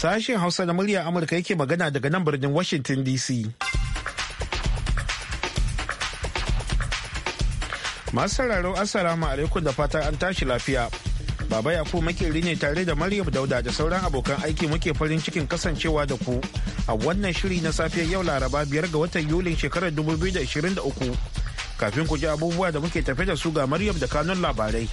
Sashen Hausa na murya Amurka yake magana daga nan birnin Washington DC. Masu sauraro Assalamu alaikum da fatan an tashi lafiya. Baba Yakubu makeri ne tare da Maryam Dauda da sauran abokan aiki muke farin cikin kasancewa da ku a wannan shiri na safiyar yau Laraba biyar ga watan Yulin shekarar 2023. Kafin ku ji abubuwa da muke tafe da su ga Maryam da kanun labarai.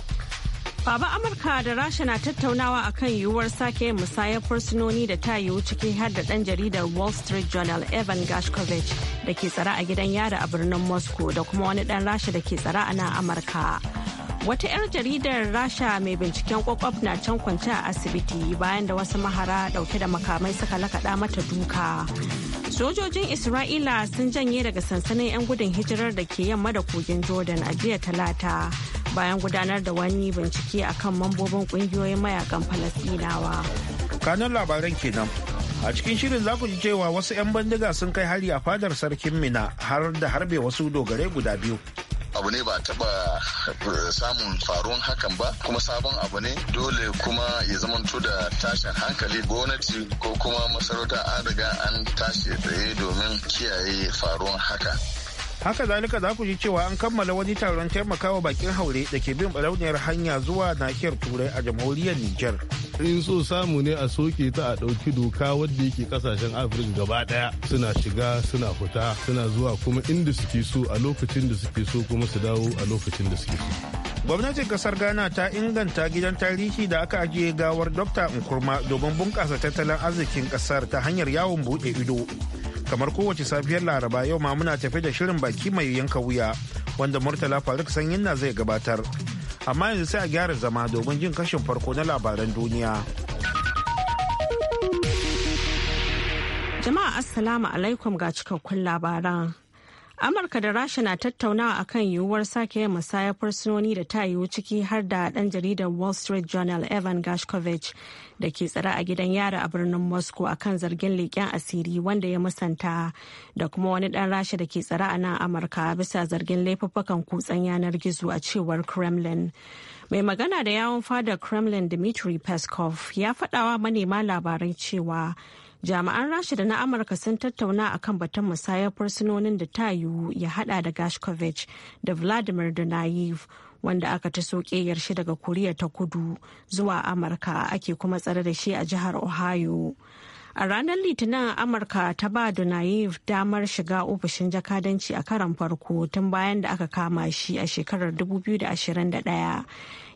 Baba Amurka da Rasha na tattaunawa akan yiwuwar sake musayar fursunoni da ta yiwu ciki har da ɗan jaridar Wall Street Journal Evan Gashkovich da ke tsara a gidan yari a birnin Moscow da kuma wani ɗan Rasha da ke tsara a nan Amurka. Wata 'yar jaridar Rasha mai binciken kwakwaf na can kwance a asibiti bayan da wasu mahara ɗauke da makamai suka lakaɗa mata duka. Sojojin Isra'ila sun janye daga sansanin 'yan gudun hijirar da ke yamma da kogin Jordan a jiya talata. bayan gudanar da wani bincike a kan mambobin ƙungiyoyin mayakan falasinawa kanun labaran kenan a cikin shirin za ku ji cewa wasu 'yan bandiga sun kai hari a fadar sarkin mina har da harbe wasu dogare guda biyu abu ne ba taba eh, samun faruwan hakan ba kuma sabon abu ne dole kuma ya zamanto da tashin hankali gwamnati ko kuma masarauta an riga an tashi tsaye domin kiyaye faruwan haka haka zalika za ku ji cewa an kammala wani taron taimakawa bakin haure da ke bin balauniyar hanya zuwa nahiyar turai a jamhuriyar niger in so samu ne a soke ta a ɗauki doka wadda yake kasashen afirka gaba daya suna shiga suna fita suna zuwa kuma inda suke so a lokacin da suke so kuma su dawo a lokacin da suke so gwamnatin kasar ghana ta inganta gidan tarihi da aka ajiye gawar dr nkurma domin bunƙasa tattalin arzikin kasar ta hanyar yawon buɗe ido kamar kowace safiyar laraba yau ma muna tafi da shirin baki mai yanka wuya wanda murtala faruk sanyin na zai gabatar amma yanzu sai a gyara zama domin jin kashin farko na labaran duniya jama'a assalamu alaikum ga cikakkun labaran amurka da rasha na tattaunawa akan yiwuwar sake yin musayar fursunoni da ta yiwu ciki har da dan jaridar wall street journal evan gashkovich da ke tsare a gidan yara a birnin moscow akan zargin leƙen asiri wanda ya musanta da kuma wani dan rasha da ke tsare a nan amurka bisa zargin laifuffukan kutsen yanar gizo a cewar kremlin mai magana da yawon fadar kremlin dmitry peskov ya faɗawa manema labarai cewa jami'an rasha da na amurka sun tattauna a kan batun musayar fursunonin da ta yiwu ya hada da gashkovich da vladimir da naif wanda aka ta soke daga koriya ta kudu zuwa amurka ake kuma tsare da shi a jihar ohio a ranar litinin amurka ta ba da naif damar shiga ofishin jakadanci a karan farko tun bayan da aka kama shi a shekarar 2021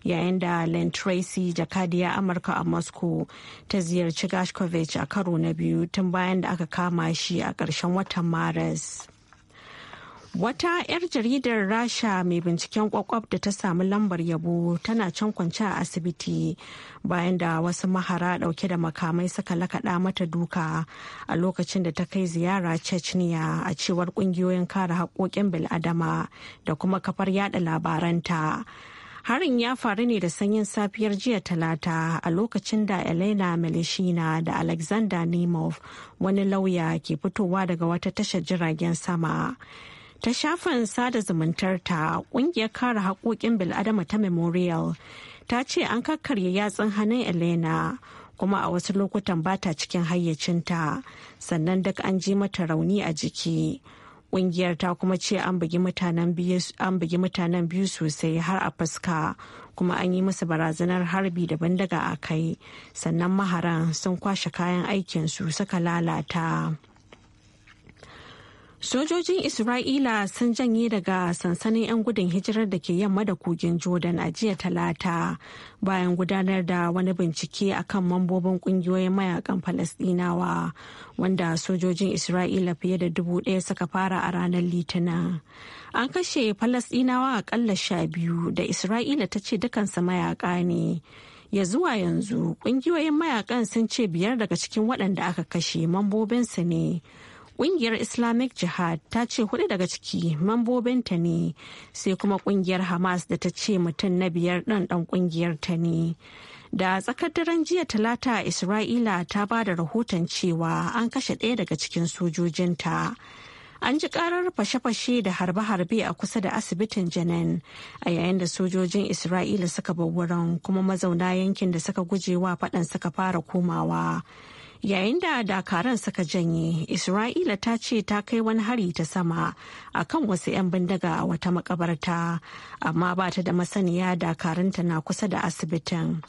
yayin da Len Tracy jakadiya Amurka a Moscow ta ziyarci Gashkovich a karo na biyu tun bayan da aka kama shi a ƙarshen watan Maris. Wata 'yar jaridar Rasha mai binciken kwakwaf da ta samu lambar yabo tana can kwance a asibiti bayan da wasu mahara dauke da makamai suka lakaɗa mata duka a lokacin da ta kai ziyara Chechnya a cewar kungiyoyin kare haƙoƙin bil'adama da kuma kafar yada labaranta Harin ya faru ne da sanyin safiyar jiya talata a lokacin da Elena Melishina da Alexander Nemov wani lauya ke fitowa daga wata tashar jiragen sama. Ta shafin sada zumuntarta kungiyar kare haƙoƙin bil'adama ta Memorial ta ce an kakkarya yatsun hannun Elena. kuma a wasu lokutan ba ta cikin hayyacinta sannan duk an ji mata rauni a jiki Ƙungiyar ta kuma ce an bugi mutanen biyu sosai har a fuska kuma an yi musu barazanar harbi daban daga a kai sannan maharan sun kwashe kayan aikinsu suka lalata. Sojojin Isra'ila sun janye daga sansanin 'yan gudun hijirar da ke yamma da kogin Jordan a jiya talata bayan gudanar da wani bincike a kan mambobin kungiyoyin mayakan Falasdinawa wanda sojojin Isra'ila fiye da dubu ɗaya suka fara a ranar Litinin. An kashe Falasdinawa akalla sha biyu da Isra'ila ta ce dukansa mayaka ne. ya zuwa yanzu kungiyoyin mayakan sun ce biyar daga cikin waɗanda aka kashe mambobinsu ne kungiyar islamic jihad ta ce hudu daga ciki mambobinta ne sai kuma kungiyar hamas da ta ce mutum na biyar ɗan ɗan kungiyar ta ne da tsakar daren jiya talata isra'ila ta ba da rahoton cewa an kashe ɗaya daga cikin sojojinta an ji karar fashe-fashe da harbe-harbe a kusa da asibitin janan a yayin da sojojin isra'ila suka bar wurin kuma mazauna yankin da suka guje wa faɗan suka fara komawa yayin da dakaran suka janye isra'ila ta ce ta kai wani hari ta sama a kan wasu 'yan bindiga a wata makabarta amma ba ta da masaniya dakaranta na kusa da asibitin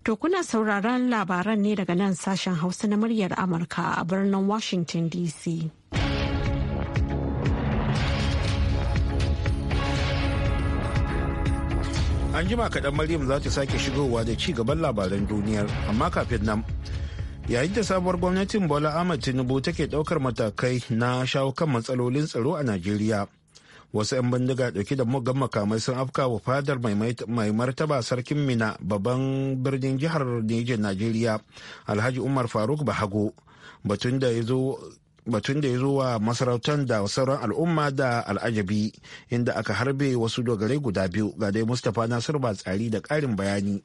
to kuna sauraron labaran ne daga nan sashen hausa na muryar amurka a birnin washington dc an jima kaɗan maryam za ta sake shigowa da ci gaban labaran duniyar amma kafin nan yayin da sabuwar gwamnatin bola ahmad tinubu take daukar matakai na shawo kan matsalolin tsaro a najeriya wasu 'yan bindiga dauke da mugan makamai sun afka wa fadar mai martaba sarkin mina babban birnin jihar nijar najeriya alhaji umar faruk bahago batun da ya zo wa masarautar da sauran al'umma da al'ajabi inda aka harbe wasu dogarai guda biyu ga dai mustapha nasiru ba tsari da karin bayani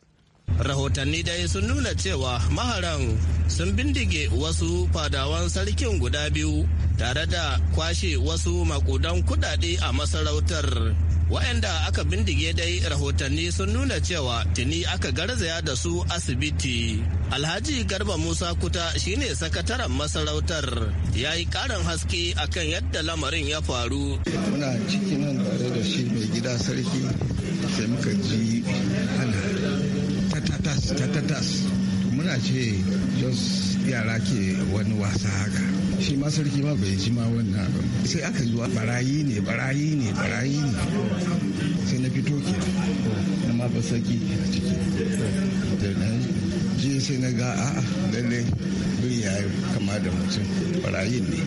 rahotanni dai sun nuna cewa maharan sun bindige wasu fadawan sarkin guda biyu tare da kwashe wasu makudan kudade a masarautar waɗanda aka bindige dai rahotanni sun nuna cewa tuni aka garzaya da su asibiti alhaji garba musa kuta shine sakataren masarautar ya yi ƙarin haske akan yadda lamarin ya faru muna ciki nan tare da shi mai gida sarki sai muka ji tas ta tas muna ce jos yara ke wani wasa haka shi ma sarki ma bai ji ma wannan abin sai aka yi wa barayi ne barayi ne barayi ne sai na fito ke na ma ba sarki a ciki da na ji sai na ga a'a lalle biri ya yi kama da mutum barayi ne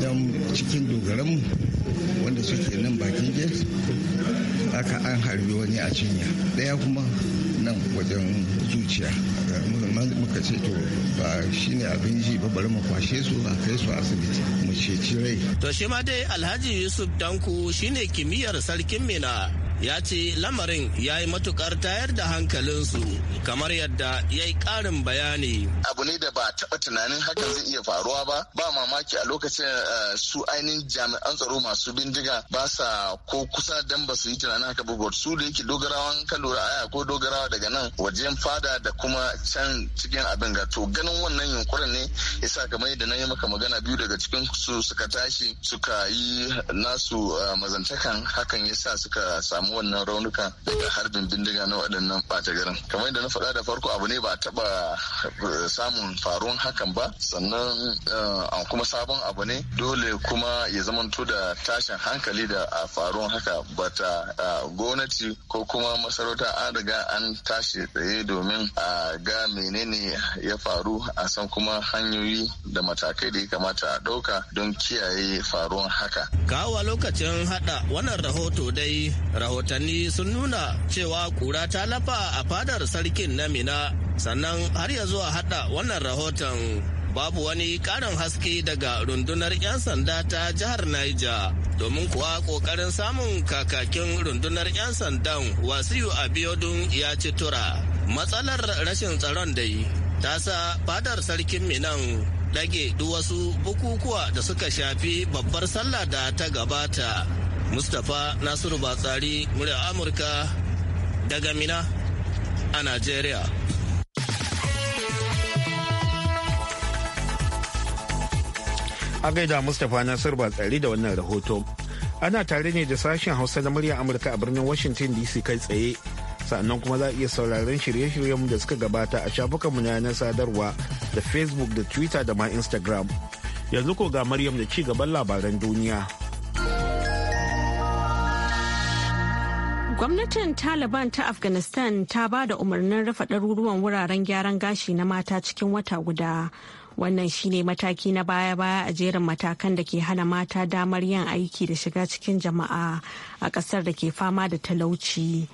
don cikin mu wanda suke nan bakin gate aka an harbi wani a cinya daya kuma nan wajen zuciya muka ce to ba shine abin ji ba bari mu kwashe su a kai su asibiti mu ceci rai to shi ma dai alhaji yusuf danku shine kimiyyar sarkin mina ya ce lamarin ya yi matukar tayar da hankalinsu kamar yadda ya yi karin bayani. Abu ne da ba taba tunanin hakan zai iya faruwa ba, ba mamaki a lokacin eh, su ainihin jami'an tsaro masu bindiga ba sa ko kusa dan ba su yi tunanin haka ba su da yake dogarawan kalura aya ko dogarawa daga nan wajen fada da kuma can cikin abin ga to ganin wannan yunkurin ne yasa kamar yadda na yi maka magana biyu daga cikin su suka tashi suka yi nasu eh, mazantakan hakan yasa suka samu samu wannan raunuka daga harbin bindiga na waɗannan ɓata garin kamar yadda na faɗa da farko abu ne ba a taɓa eh, samun faruwan hakan ba sannan eh, kuma sabon abu ne dole kuma ya zamanto da tashin hankali da a faruwan haka ta gwamnati ko kuma masarauta an riga an tashi tsaye domin a ga menene ya faru a san kuma hanyoyi da matakai da ya kamata a ɗauka don kiyaye faruwan haka. kawo lokacin haɗa wannan rahoto dai rahoto rahotanni sun nuna cewa kura ta lafa a fadar sarkin na Mina sannan har ya zuwa hada wannan rahoton babu wani karin haske daga rundunar 'yan sanda ta jihar Niger. domin kuwa kokarin samun kakakin rundunar 'yan sandan wasiyu abiodun ya ci tura matsalar rashin tsaron dai ta sa fadar sarkin minan ɗage duk wasu bukukuwa da suka shafi babbar sallah da ta gabata mustapha nasiru batsari murya amurka daga mina a Najeriya. a gaida mustapha nasiru batsari da wannan rahoto ana tare ne da sashen hausa na murya amurka a birnin washington dc kai tsaye sannan kuma za a iya sauraron shirye-shiryenmu da suka gabata a shafukanmu na yanar sadarwa da facebook da twitter da ma instagram yanzu ko ga maryam da ci gaban labaran duniya Gwamnatin Taliban ta Afghanistan ta ba da umarnin rufe ɗaruruwan wuraren gyaran gashi na mata cikin wata guda. Wannan shi ne mataki na baya-baya a jerin matakan da ke hana mata damar yin aiki da shiga cikin jama'a a ƙasar da ke fama da talauci.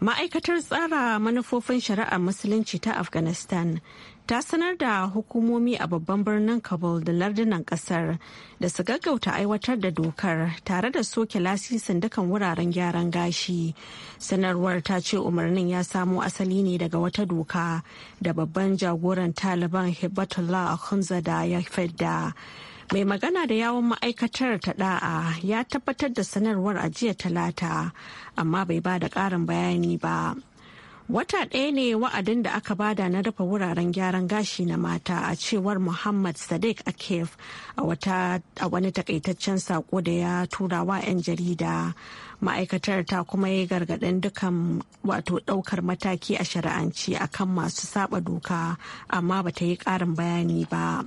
ma'aikatar tsara manufofin shari'ar musulunci ta afghanistan ta sanar da hukumomi a babban birnin kabul da lardunan kasar da su gaggauta aiwatar da dokar tare da soke lasisin dukan wuraren gyaran gashi sanarwar ta ce umarnin ya samo asali ne daga wata doka da babban jagoran taliban hibatullah akhunzada ya fadda mai magana da yawon ma'aikatar ta da'a ya tabbatar da sanarwar a jiya talata amma bai ba da ƙarin bayani ba wata ɗaya ne wa'adin da aka bada na rufe wuraren gyaran gashi na mata a cewar muhammad sadiq akif a wani takaitaccen sako da ya tura wa 'yan jarida ma'aikatar ta kuma yi gargaɗin dukan wato ɗaukar mataki a shari'anci akan masu saba doka amma bata yi ƙarin bayani ba.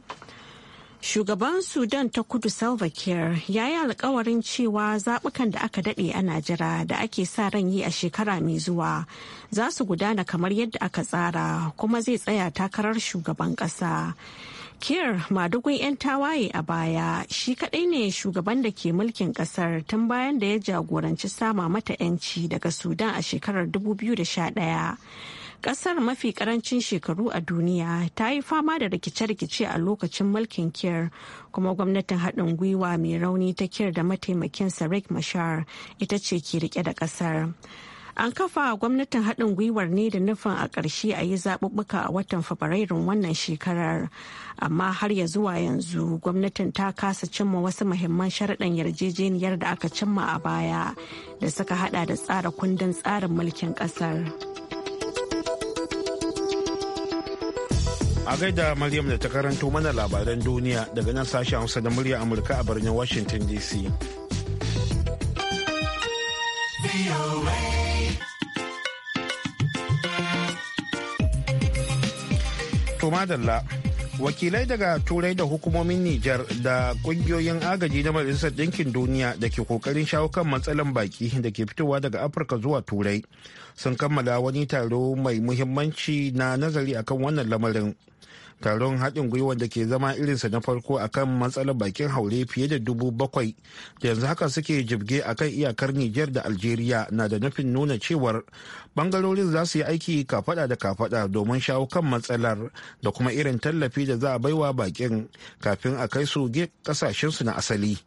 Shugaban Sudan ta kudu Salva Kiir ya yi alkawarin cewa zaɓukan da aka daɗe a Najira da ake sa ran yi a shekara mai zuwa za su gudana kamar yadda aka tsara kuma zai tsaya takarar shugaban ƙasa. Kiir madugun 'yan tawaye a baya shi kaɗai ne shugaban da ke mulkin ƙasar tun bayan da ya jagoranci sama mata 'yanci daga Sudan a shekarar 2011. kasar mafi karancin shekaru a duniya ta yi fama da rikice-rikice a lokacin mulkin kiyar kuma gwamnatin haɗin gwiwa mai rauni ta kiyar da mataimakin sarik mashar ita ce ke rike da kasar an kafa gwamnatin haɗin gwiwar ne da nufin a ƙarshe a yi zaɓuɓɓuka a watan fabrairun wannan shekarar amma har ya zuwa yanzu gwamnatin ta kasa cimma wasu muhimman sharaɗin yarjejeniyar da aka cimma a baya da suka haɗa da tsara kundin tsarin mulkin ƙasar. A gaida Maryam da ta karanto mana labaran duniya daga nan sashen Hausa da murya Amurka a birnin Washington DC. To madalla. wakilai daga turai da hukumomin Nijar da kungiyoyin agaji na Majalisar Ɗinkin Duniya da ke kokarin shawo kan matsalan baki da ke fitowa daga Afirka zuwa turai sun kammala wani taro mai muhimmanci na nazari akan wannan lamarin taron haɗin gwiwar da ke zama irinsa na farko a kan matsalar bakin haure fiye da dubu bakwai da yanzu haka suke jibge a kan iyakar niger da algeria na da nufin nuna cewar bangarorin za su yi aiki kafada da kafada domin shawo kan matsalar da kuma irin tallafi da za a baiwa bakin kafin a kai su kasashensu na asali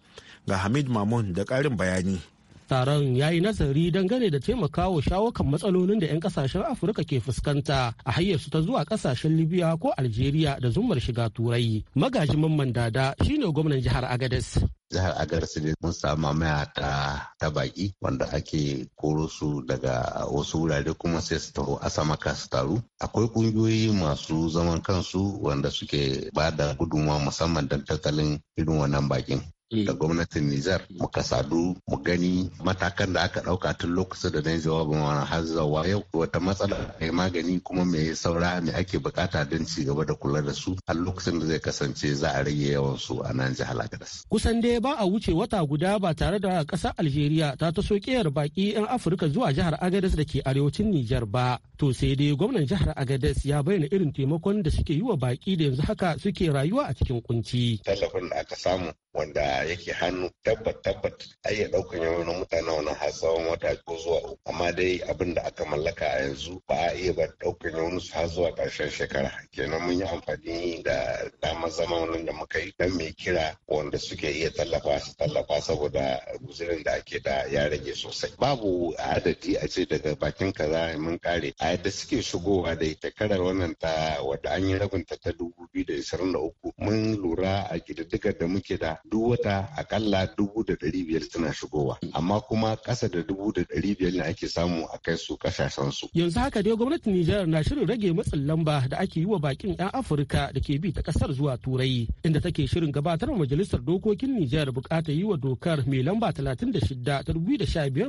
ga hamid mamun da ƙarin bayani taron ya yi nazari dangane da taimakawa shawakan matsalolin da 'yan kasashen afirka ke fuskanta a su ta zuwa kasashen libya ko algeria da zumar shiga turai magajin mamman dada shine gwamnan jihar agades jihar agarsu ne mun samu mayata ta baki wanda ake koro su daga wasu wurare kuma sai su taho ka su taru akwai kungiyoyi masu zaman kansu wanda suke ba da gudunmawa musamman don tattalin irin wannan bakin da mm. gwamnatin Nijar muka sadu mu gani matakan da aka ɗauka tun lokacin da na yi jawabin wani har yau wata matsala mai magani kuma mai saura ne ake bukata don ci gaba da kula da su a lokacin da zai kasance za a rage yawan su a nan jihar Lagos. Kusan dai ba a wuce wata guda ba tare da ƙasar Algeria ta taso ƙiyar baki 'yan Afirka zuwa jihar Agadas da ke arewacin Nijar ba. To sai dai gwamnan jihar Agadas ya bayyana irin taimakon da suke yi wa baƙi da yanzu haka suke rayuwa a cikin kunci. Tallafin da aka samu wanda yake hannu tabbat tabbat ai ya ɗaukan yawan mutane wannan har tsawon wata ko zuwa uku amma dai abin da aka mallaka a yanzu ba a iya ba ɗaukan yawan su har zuwa karshen shekara kenan mun yi amfani da damar zama wannan da muka yi dan mai kira wanda suke iya tallafa su tallafa saboda guzurin da ake da ya rage sosai babu adadi a ce daga bakin kaza mun kare a yadda suke shigowa da shekarar wannan ta wadda an yi rabinta ta dubu biyu da isarin da uku mun lura a ƙididdigar da muke da duk wata akalla dubu da ɗari biyar suna shigowa amma kuma kasa da dubu da ɗari biyar ne ake samu a kai su ƙasashen su. yanzu haka dai gwamnatin nijar na shirin rage matsin lamba da ake yi wa bakin 'yan afirka da ke bi ta ƙasar zuwa turai inda take shirin gabatar wa majalisar dokokin nijar buƙatar yi wa dokar mai lamba talatin da shida ta dubu da sha biyar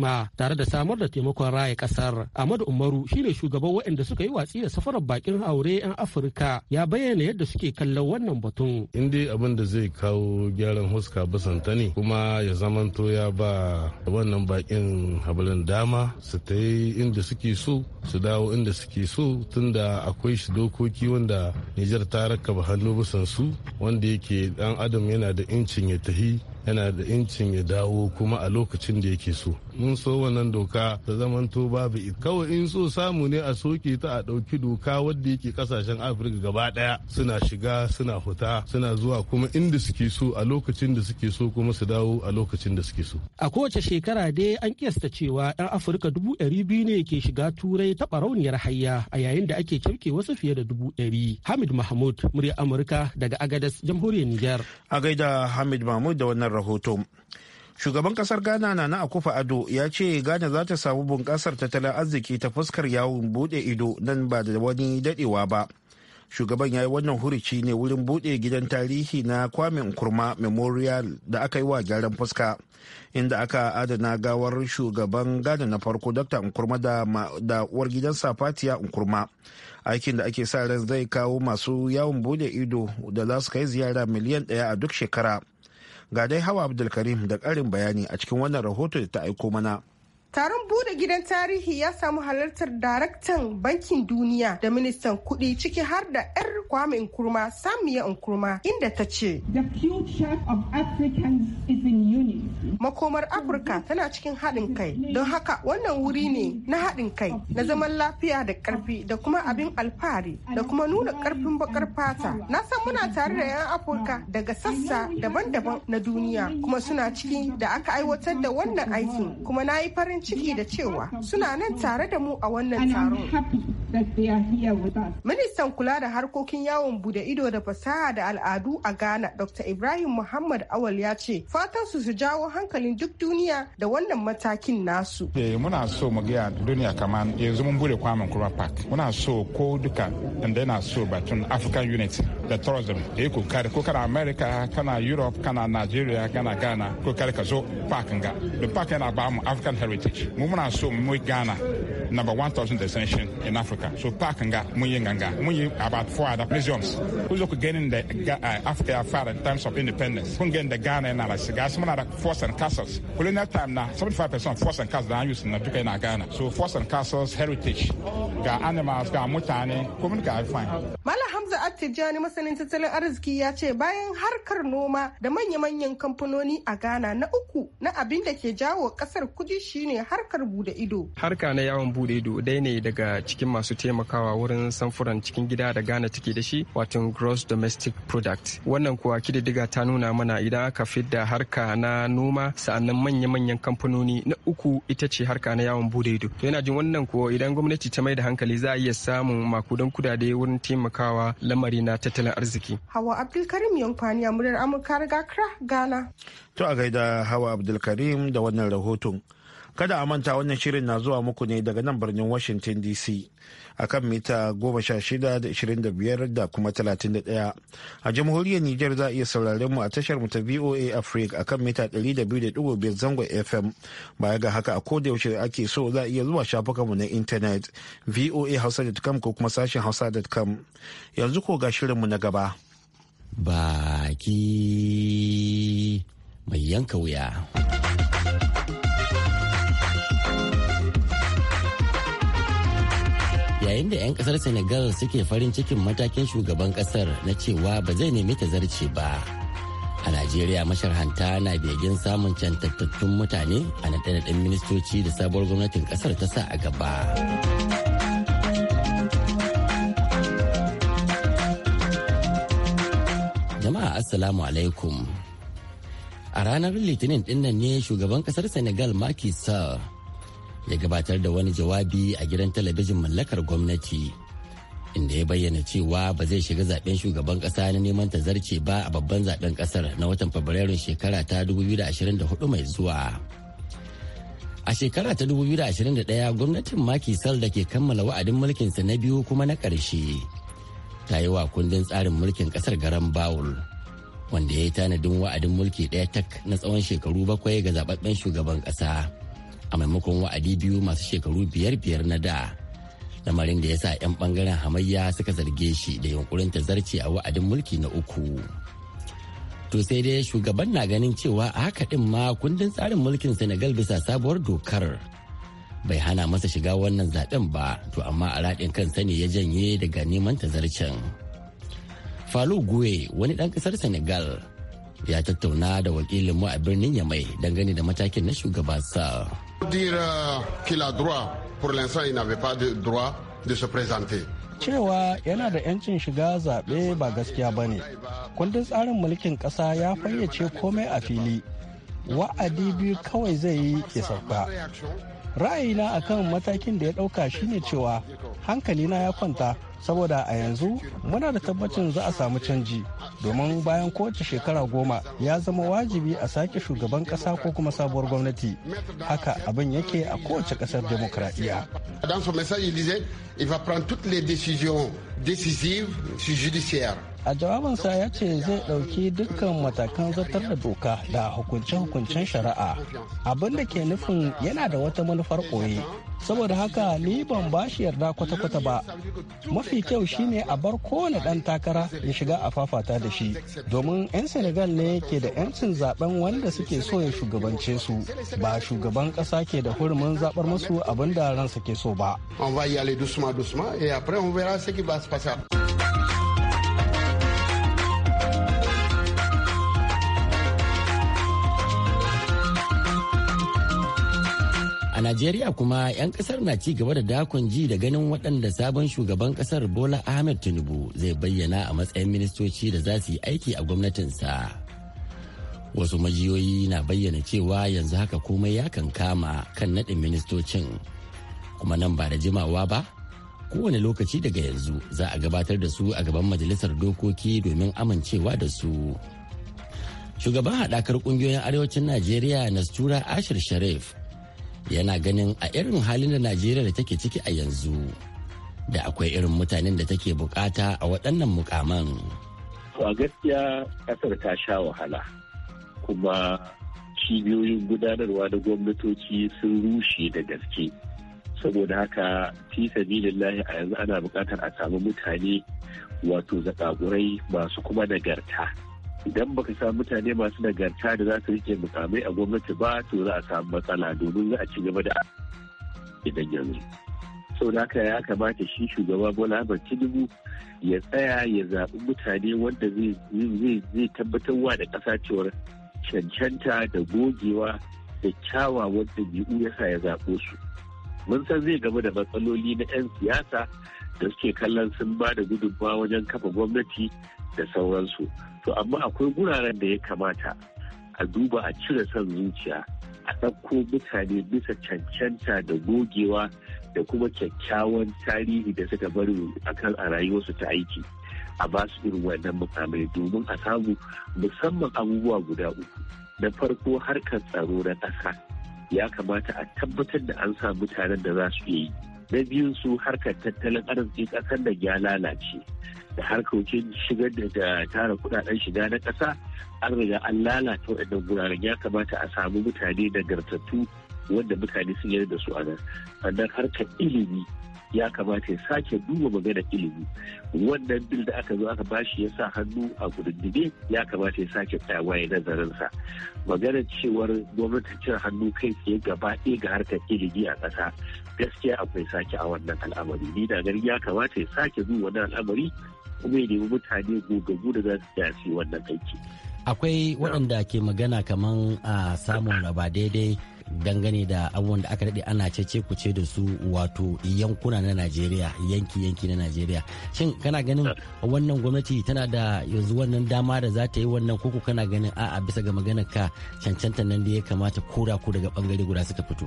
ma tare da samar da taimakon raya ƙasar Ahmadu umaru shine shugaban waɗanda suka yi watsi da safarar bakin aure 'yan afirka ya bayyana yadda suke kallon wannan batun. in dai abin da zai kawo gyara ɓangaren huska basanta ne kuma ya zamanto ya ba wannan bakin hablin dama su ta yi inda suke so su dawo inda suke so tunda akwai shi dokoki wanda nijar ta rakaba hannu bisan su wanda yake dan adam yana da incin ya tahi yana da incin ya dawo kuma a lokacin da yake so mun so wannan doka ta zamanto babu kawai in so samu ne a soke ta a ɗauki doka wadda yake kasashen afirka gaba daya suna shiga suna huta suna zuwa kuma inda suke so a lokacin lokacin da suke so kuma su dawo a lokacin da suke so. A kowace shekara dai an kiyasta cewa 'yan Afirka dubu ɗari biyu ne ke shiga Turai ta barauniyar hayya a yayin da ake cafke wasu fiye da dubu ɗari. Hamid Mahmud, murya Amurka daga Agadas, Jamhuriyar Nijar. A gaida Hamid Mahmud da wannan rahoto. Shugaban kasar Ghana na na Akufa Ado ya ce Ghana za ta samu bunƙasar tattalin arziki ta fuskar yawon buɗe ido nan ba da wani daɗewa ba. shugaban ya yi wannan hurici ne wurin buɗe gidan tarihi na kwame nkurma memorial da aka yi wa gyaran fuska inda aka adana gawar shugaban gada na farko dr nkurma da uwar gidansa fatiya nkurma aikin da ake sa ran zai kawo masu yawon bude ido da za su kai ziyara miliyan ɗaya a duk shekara ga dai hawa abdulkarim da karin bayani a cikin wannan rahoto da ta aiko mana Taron bude gidan tarihi ya samu halartar daraktan bankin duniya da ministan kuɗi ciki har da 'yar Kwame Nkrumah Samiya Nkrumah inda ta ce. Makomar Afirka tana cikin haɗin kai don haka wannan wuri ne na haɗin kai na zaman lafiya da ƙarfi da kuma abin alfahari da kuma nuna ƙarfin bakar fata. Na san muna tare da 'yan Afirka daga sassa daban-daban na duniya kuma suna ciki da aka aiwatar da wannan aikin kuma na yi farin ciki da cewa suna nan tare da mu a wannan taron. Ministan kula da harkokin yawon bude ido da fasaha da al'adu a Ghana, Dr. Ibrahim Muhammad Awal ya ce, fatan su su jawo hankalin duk duniya da wannan matakin nasu. Eh muna so mu ga duniya kamar yanzu mun bude kwamin kuma park. Muna so ko duka inda yana so batun African unity da tourism. Eh ko kare ko kana America, kana Europe, kana Nigeria, kana Ghana, ko kare ka zo park ga. Da park yana ba mu African heritage. Mu muna so mu Ghana number 1000 destination in Africa. Africa. So pakanga, muyinganga, muyi about four other museums. Who's look in the uh, after far in terms of independence. We get the Ghana and Alice. Gas some other forts and castles. Colonial time now, 75% forts and castles are used in Africa and Ghana. So forts and castles, heritage, ga animals, ga mutane, communicate fine. Tijjani masanin tattalin arziki ya ce bayan harkar noma da manya-manyan kamfanoni a Ghana na uku na abin da ke jawo kasar kudi shine harkar bude ido. Harka na yawon bude ido dai ne daga cikin masu taimakawa wurin samfuran cikin gida da Ghana take da shi wato gross domestic product. Wannan kuwa kididdiga ta nuna mana idan aka fidda harka na noma sa'annan manya-manyan kamfanoni na uku ita ce harka na yawon bude ido. to Yana jin wannan kuwa idan gwamnati ta mai da hankali za a iya samun makudan kudade wurin taimakawa lamarin lamari na tattalin arziki. Hawa Abdulkarim Yankwaniya muryar Amurka riga Ghana. To a gaida Hawa Abdulkarim da wannan rahoton. Kada a manta wannan shirin na zuwa muku ne daga nan birnin Washington DC a kan mita 16.25 da kuma 31. A jamhuriyar niger za a iya sauraren mu a tashar mu ta VOA Africa a kan mita 200.5 zangon FM. Baya ga haka a koda yaushe ake so za a iya zuwa shafukan mu na intanet voa hausa.com ko kuma sashen hausa.com. Yanzu ko ga shirinmu na gaba. Baki mai yanka wuya. yayin da 'yan kasar senegal suke farin cikin matakin shugaban kasar na cewa ba zai nemi ta zarce ba a najeriya masharhanta na begin samun cantattattun mutane a naɗe ministoci da sabuwar gwamnatin kasar ta sa a gaba jama'a assalamu alaikum a ranar litinin dinnan ne shugaban kasar senegal Macky Sall ya gabatar da wani jawabi a gidan talabijin mallakar gwamnati inda ya bayyana cewa ba zai shiga zaben shugaban kasa na neman tazarce ba a babban zaben kasar na watan fabrairun shekara ta 2024 mai zuwa a shekara ta 2021 gwamnatin maki sal da ke kammala wa'adin mulkinsa na biyu kuma na ƙarshe ta yi wa kundin tsarin mulkin kasar garan bawul wanda ya yi tanadin wa'adin mulki ɗaya tak na tsawon shekaru bakwai ga zababben shugaban ƙasa. a maimakon wa'adi biyu masu shekaru biyar biyar na da lamarin da ya sa 'yan bangaren hamayya suka zarge shi da yunkurin zarce a wa'adin mulki na uku to sai dai shugaban na ganin cewa a haka din ma kundin tsarin mulkin senegal bisa sabuwar dokar bai hana masa shiga wannan zaben ba to amma a raɗin kansa ne ya janye daga neman tazarcen falo guwe wani ɗan ƙasar senegal ya tattauna da wakilin mu a birnin ya mai dangane da matakin na shugaba sa. Cewa yana da 'yancin shiga zaɓe ba gaskiya ba ne. Kundin tsarin mulkin ƙasa ya fayyace komai a fili. Wa'adi biyu kawai zai yi ya sauka. Ra'ayina akan matakin da ya ɗauka shine cewa hankalina ya kwanta saboda a yanzu muna da tabbacin za a samu canji domin bayan kowace shekara goma ya zama wajibi a sake shugaban kasa ko kuma sabuwar gwamnati haka abin yake a kowace kasar demokradiyya. su judiciaire. a jawabinsa ya ce zai ɗauki dukkan matakan zartar da doka da hukunce-hukuncen shari'a abin da ke nufin yana da wata manufar ƙoye saboda haka ni ban bashi yarda kwata-kwata ba mafi kyau shine a bar kowane ɗan takara ya shiga a fafata da shi domin 'yan senegal ne ke da 'yancin zaben wanda suke so ya shugabance su ba shugaban ƙasa ke da hurumin zaɓar musu abin da ransa ke so ba A Najeriya kuma 'yan kasar na ci gaba da dakon ji da ganin waɗanda sabon shugaban kasar Bola Ahmed Tinubu zai bayyana a matsayin ministoci da za su yi aiki a gwamnatinsa. Wasu majiyoyi na bayyana cewa yanzu haka komai ya kankama kan naɗin ministocin, kuma nan ba da jimawa ba kowane lokaci daga yanzu za a gabatar da su a gaban majalisar dokoki domin amincewa da su shugaban haɗakar ƙungiyoyin arewacin najeriya nastura ashir sharif yana ganin a irin halin da najeriya da take ciki a yanzu da akwai irin mutanen da take bukata a waɗannan mukaman a gaskiya ƙasar ta sha wahala kuma cibiyoyin gudanarwa da gwamnatoci sun rushe da gaske saboda haka fi sabilillahi a yanzu ana bukatar a samu mutane wato zakagurai masu kuma nagarta idan baka samu mutane masu nagarta da za su rike mukamai a gwamnati ba to za a samu matsala domin za a ci gaba da idan yanzu sau da haka ya kamata shi shugaba bola ba tinubu ya tsaya ya zaɓi mutane wanda zai tabbatarwa da ƙasa cewar cancanta da gogewa da kyawawan ɗabi'u ya sa ya zaɓo su mun san zai game da matsaloli na 'yan siyasa da suke kallon sun ba da gudunmawa wajen kafa gwamnati da sauransu to amma akwai guraren da ya kamata a duba a cire son zuciya a ɗauko mutane bisa cancanta da gogewa da kuma kyakkyawan tarihi da suka bari akan a rayuwarsu ta aiki a ba su irin wannan mukamai domin a samu musamman abubuwa guda uku na farko harkar tsaro na ƙasa ya kamata a tabbatar da an sa mutanen da za su yi na biyun su harkar tattalin arzikin ƙasar da ya lalace da harkokin shigar da tara kudaden shiga na kasa an riga an lalata waɗannan guraren ya kamata a samu mutane da gartattu wanda mutane sun yarda da su a nan sannan harkar ilimi ya kamata ya sake duba maganar ilimi wannan bil da aka zo aka bashi ya sa hannu a kududdude ya kamata ya sake tsayawaye ya nazarinsa maganar cewar gwamnatin cin hannu kai tsaye gaba ɗaya ga harkar ilimi a ƙasa gaskiya akwai sake a wannan al'amari ni da gari ya kamata ya sake duba wannan al'amari kuma ya nemi mutane gogagu da za su tsaya wannan aiki akwai waɗanda ke magana kaman a ah, samun raba daidai dangane da abubuwan da aka daɗe ana cece ku ce da su wato yankuna na najeriya yanki yanki na najeriya shin kana ganin wannan gwamnati tana da yanzu wannan dama da za ta yi wannan koko kana ganin a'a bisa ga maganar ka cancanta nan da ya kamata kura ku daga bangare guda suka fito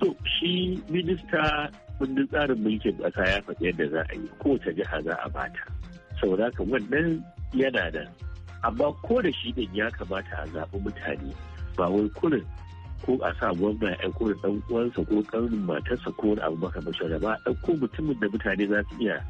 to shi minista kundin tsarin mulkin ƙasa ya faɗi yadda za a yi kowace jiha za a bata saboda haka wannan yana da amma ko da shi ɗin ya kamata a zaɓi mutane ba wai kurin ko a sa gwamna ya aiko da dan uwansa ko ƙarnin matarsa ko wani abu baka mace gaba ɗauko mutumin da mutane za su iya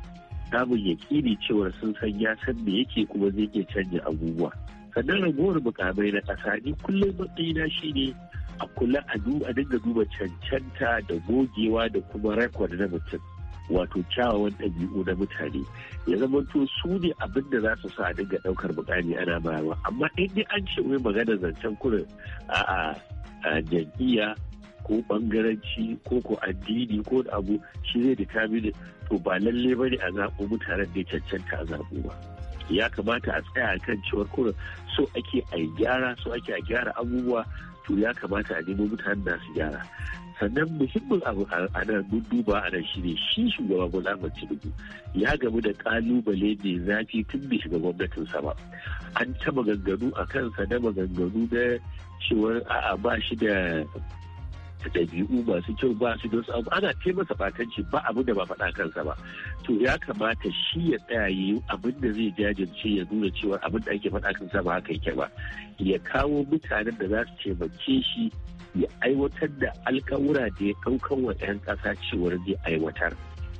samun yaƙini cewar sun san ya san me yake kuma zai iya canja abubuwa sannan ragowar mukamai na ƙasa ni kullum na shi ne a kula a dinga duba cancanta da gogewa da kuma rekod na mutum wato kyawawan ɗabi'u na mutane ya zama to su ne abin da za su sa a dinga ɗaukar bukani ana bayarwa amma in dai an ce wai magana zancen kuna a jam'iyya ko bangaranci ko ko addini ko abu shi zai da determine to ba lalle ba ne a zaɓo mutanen da cancanta a zaɓo ba ya kamata a tsaya kan cewar kuna so ake a gyara so ake a gyara abubuwa to ya kamata a nemo mutane da su gyara sannan muhimmin abu a nan mun duba a nan shine shi shugaban Bola Ahmad Tinubu ya gamu da kalubale ne zafi tun bai shiga sa ba an ta maganganu a kansa na maganganu da cewar a'a ba shi da ɗabi'u masu kyau ba su don abu ana ke masa fatanci ba abu da ba faɗa kansa ba to ya kamata shi ya tsaya yi abin da zai jajirce ya nuna cewa abin da ake faɗa kansa ba haka yake ba ya kawo mutanen da za su taimake shi ya aiwatar da alkawura da ya ɗaukan wa 'yan ƙasa cewar zai aiwatar.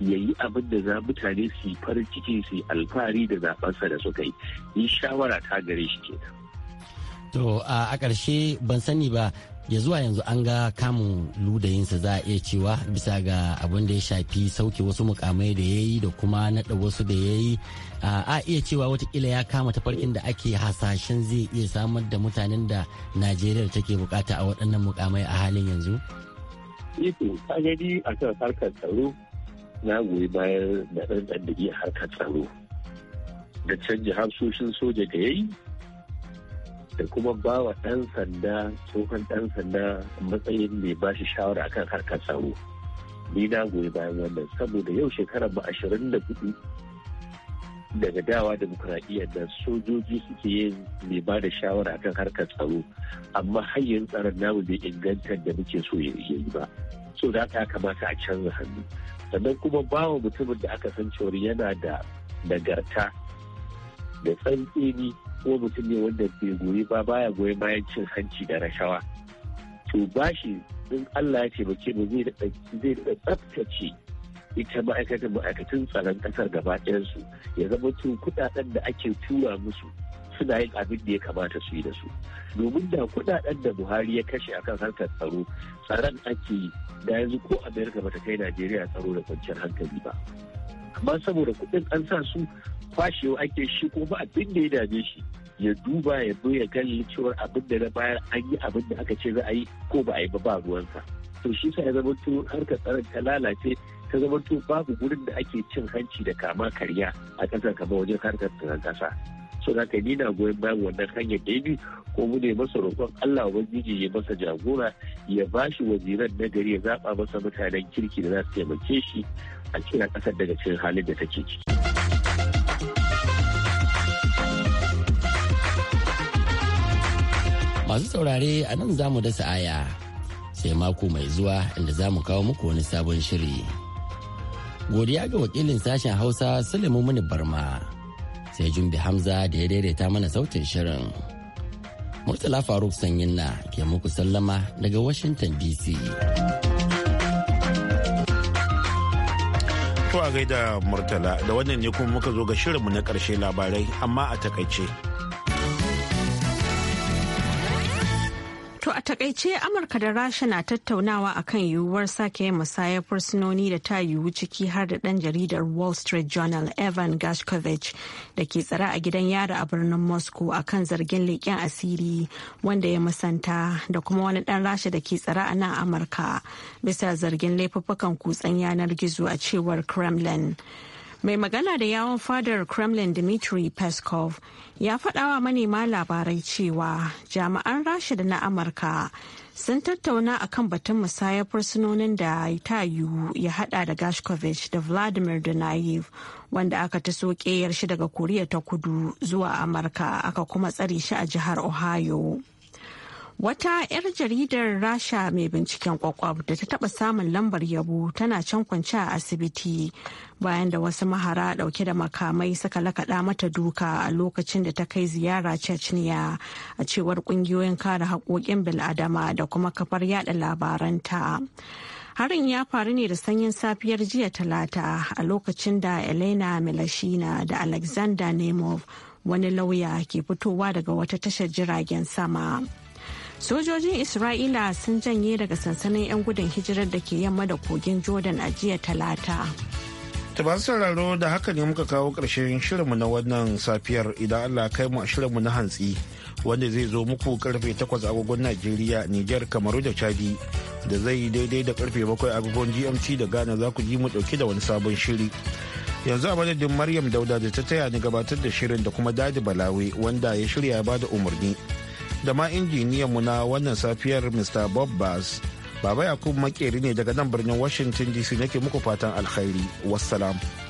ya yi abin da za mutane su yi farin ciki su yi alfahari da zaɓensa da suka yi yi shawara ta gare shi kenan. To a ƙarshe ban sani ba ya zuwa yanzu an ga kamun ludayinsa za a iya cewa bisa ga abin da ya shafi sauke wasu mukamai da ya yi da kuma naɗa wasu da ya yi a iya cewa watakila ya kama ta farkin da ake hasashen zai iya samar da mutanen da najeriya take bukata a waɗannan mukamai a halin yanzu eh kan harkar tsaro na goyi bayan da ɗan harkar tsaro da canji hafsoshin soja da yayi. da kuma ba wa ɗan sanda tsohon ɗan sanda matsayin mai ba shi shawara akan harkar tsaro ni na goyi bayan wannan saboda yau shekarar ba ashirin da hudu daga dawa demokuraɗiyya da sojoji suke yin mai ba da shawara akan harkar tsaro amma hanyar tsaron namu bai inganta da muke so ya yi ba so da aka kamata a canza hannu sannan kuma bawa mutumin da aka san cewar yana da nagarta da tsantseni ko mutum ne wanda bai goyi ba baya goyi bayan cin hanci da rashawa to bashi in Allah ya ce ba ce ba zai da tsaftace ita ma'aikatan ma'aikatan tsaron kasar gaba su ya zama tun kudaden da ake tura musu suna yin abin da ya kamata su yi da su domin da kudaden da buhari ya kashe akan harkar tsaro tsaron ake yi da yanzu ko amerika bata kai najeriya tsaro da kwanciyar hankali ba amma saboda kudin an sa su kwashewa ake shi ko ba abin da ya dame shi ya duba ya zo ya kalli cewar abin da na bayar an yi abin da aka ce za a yi ko ba a yi ba ba ruwansa to shi sa ya zama to harkar tsaron ta lalace ta zama to babu gurin da ake cin hanci da kama karya a ƙasar kamar wajen harkar tsaron ƙasa so na ka nina goyon bayan wannan hanyar da bi ko mu ne masa roƙon Allah ubangiji ya masa jagora ya ba shi waziran na gari ya zaɓa masa mutanen kirki da za su taimake shi a kira ƙasar daga cikin halin da take ciki. Masu saurare a nan za mu dasa aya sai mako mai zuwa inda za mu kawo muku wani sabon shiri. Godiya ga wakilin sashen Hausa Sulemu Muni Barma sai Jumbi Hamza da ya daidaita mana sautin shirin. Murtala Faruk Sanyin na ke muku sallama daga Washington DC. To a gaida Murtala da wannan ne kuma muka zo ga shirinmu na ƙarshe labarai amma a takaice. To a takaice Amurka da Rasha na tattaunawa akan yiwuwar sake musayar fursunoni da ta yiwu ciki har da ɗan jaridar Wall Street Journal Evan Gashkovich da ke tsara a gidan yara a birnin Moscow akan zargin leƙen asiri wanda ya musanta da kuma wani ɗan Rasha da ke tsara a nan Amurka bisa zargin laifuffukan kutsen yanar gizo a cewar Kremlin. mai magana da yawon fadar kremlin dmitry peskov ya faɗawa manema labarai cewa jami'an rasha da na amurka sun tattauna akan batun musayar fursunonin da ta yiwu ya hada da gashkovich da vladimir donayev wanda aka ta so shi daga koriya ta kudu zuwa amurka aka kuma tsare shi a jihar ohio Wata 'yar jaridar Rasha mai binciken kwakwab da ta taba samun lambar yabo tana can kwance a asibiti bayan da wasu mahara dauke da makamai suka lakaɗa mata duka a lokacin da ta kai ziyara Chechnya a cewar ƙungiyoyin kare haƙoƙin bil'adama da kuma kafar yada labaranta. Harin ya faru ne da sanyin safiyar jiya talata a lokacin da Elena Milashina da Alexander Nemov wani lauya ke fitowa daga wata tashar jiragen sama. sojojin isra'ila sun janye daga sansanin 'yan gudun hijirar da ke yamma da kogin jordan a jiya talata ta sauraro da haka ne muka kawo ƙarshen shirinmu na wannan safiyar idan allah kai mu a shirinmu na hantsi wanda zai zo muku karfe 8 agogon najeriya niger kamaru da chadi da zai yi daidai da karfe 7 agogon gmt da ghana za ku ji mu dauke da wani sabon shiri yanzu a madadin maryam dauda da ta taya ni gabatar da shirin da kuma dadi balawe wanda ya shirya ya da umarni da ma mu na wannan safiyar Mr. Bob Bass. Baba Yakubu makeri ne daga nan birnin Washington DC nake muku fatan alkhairi. Wassalam.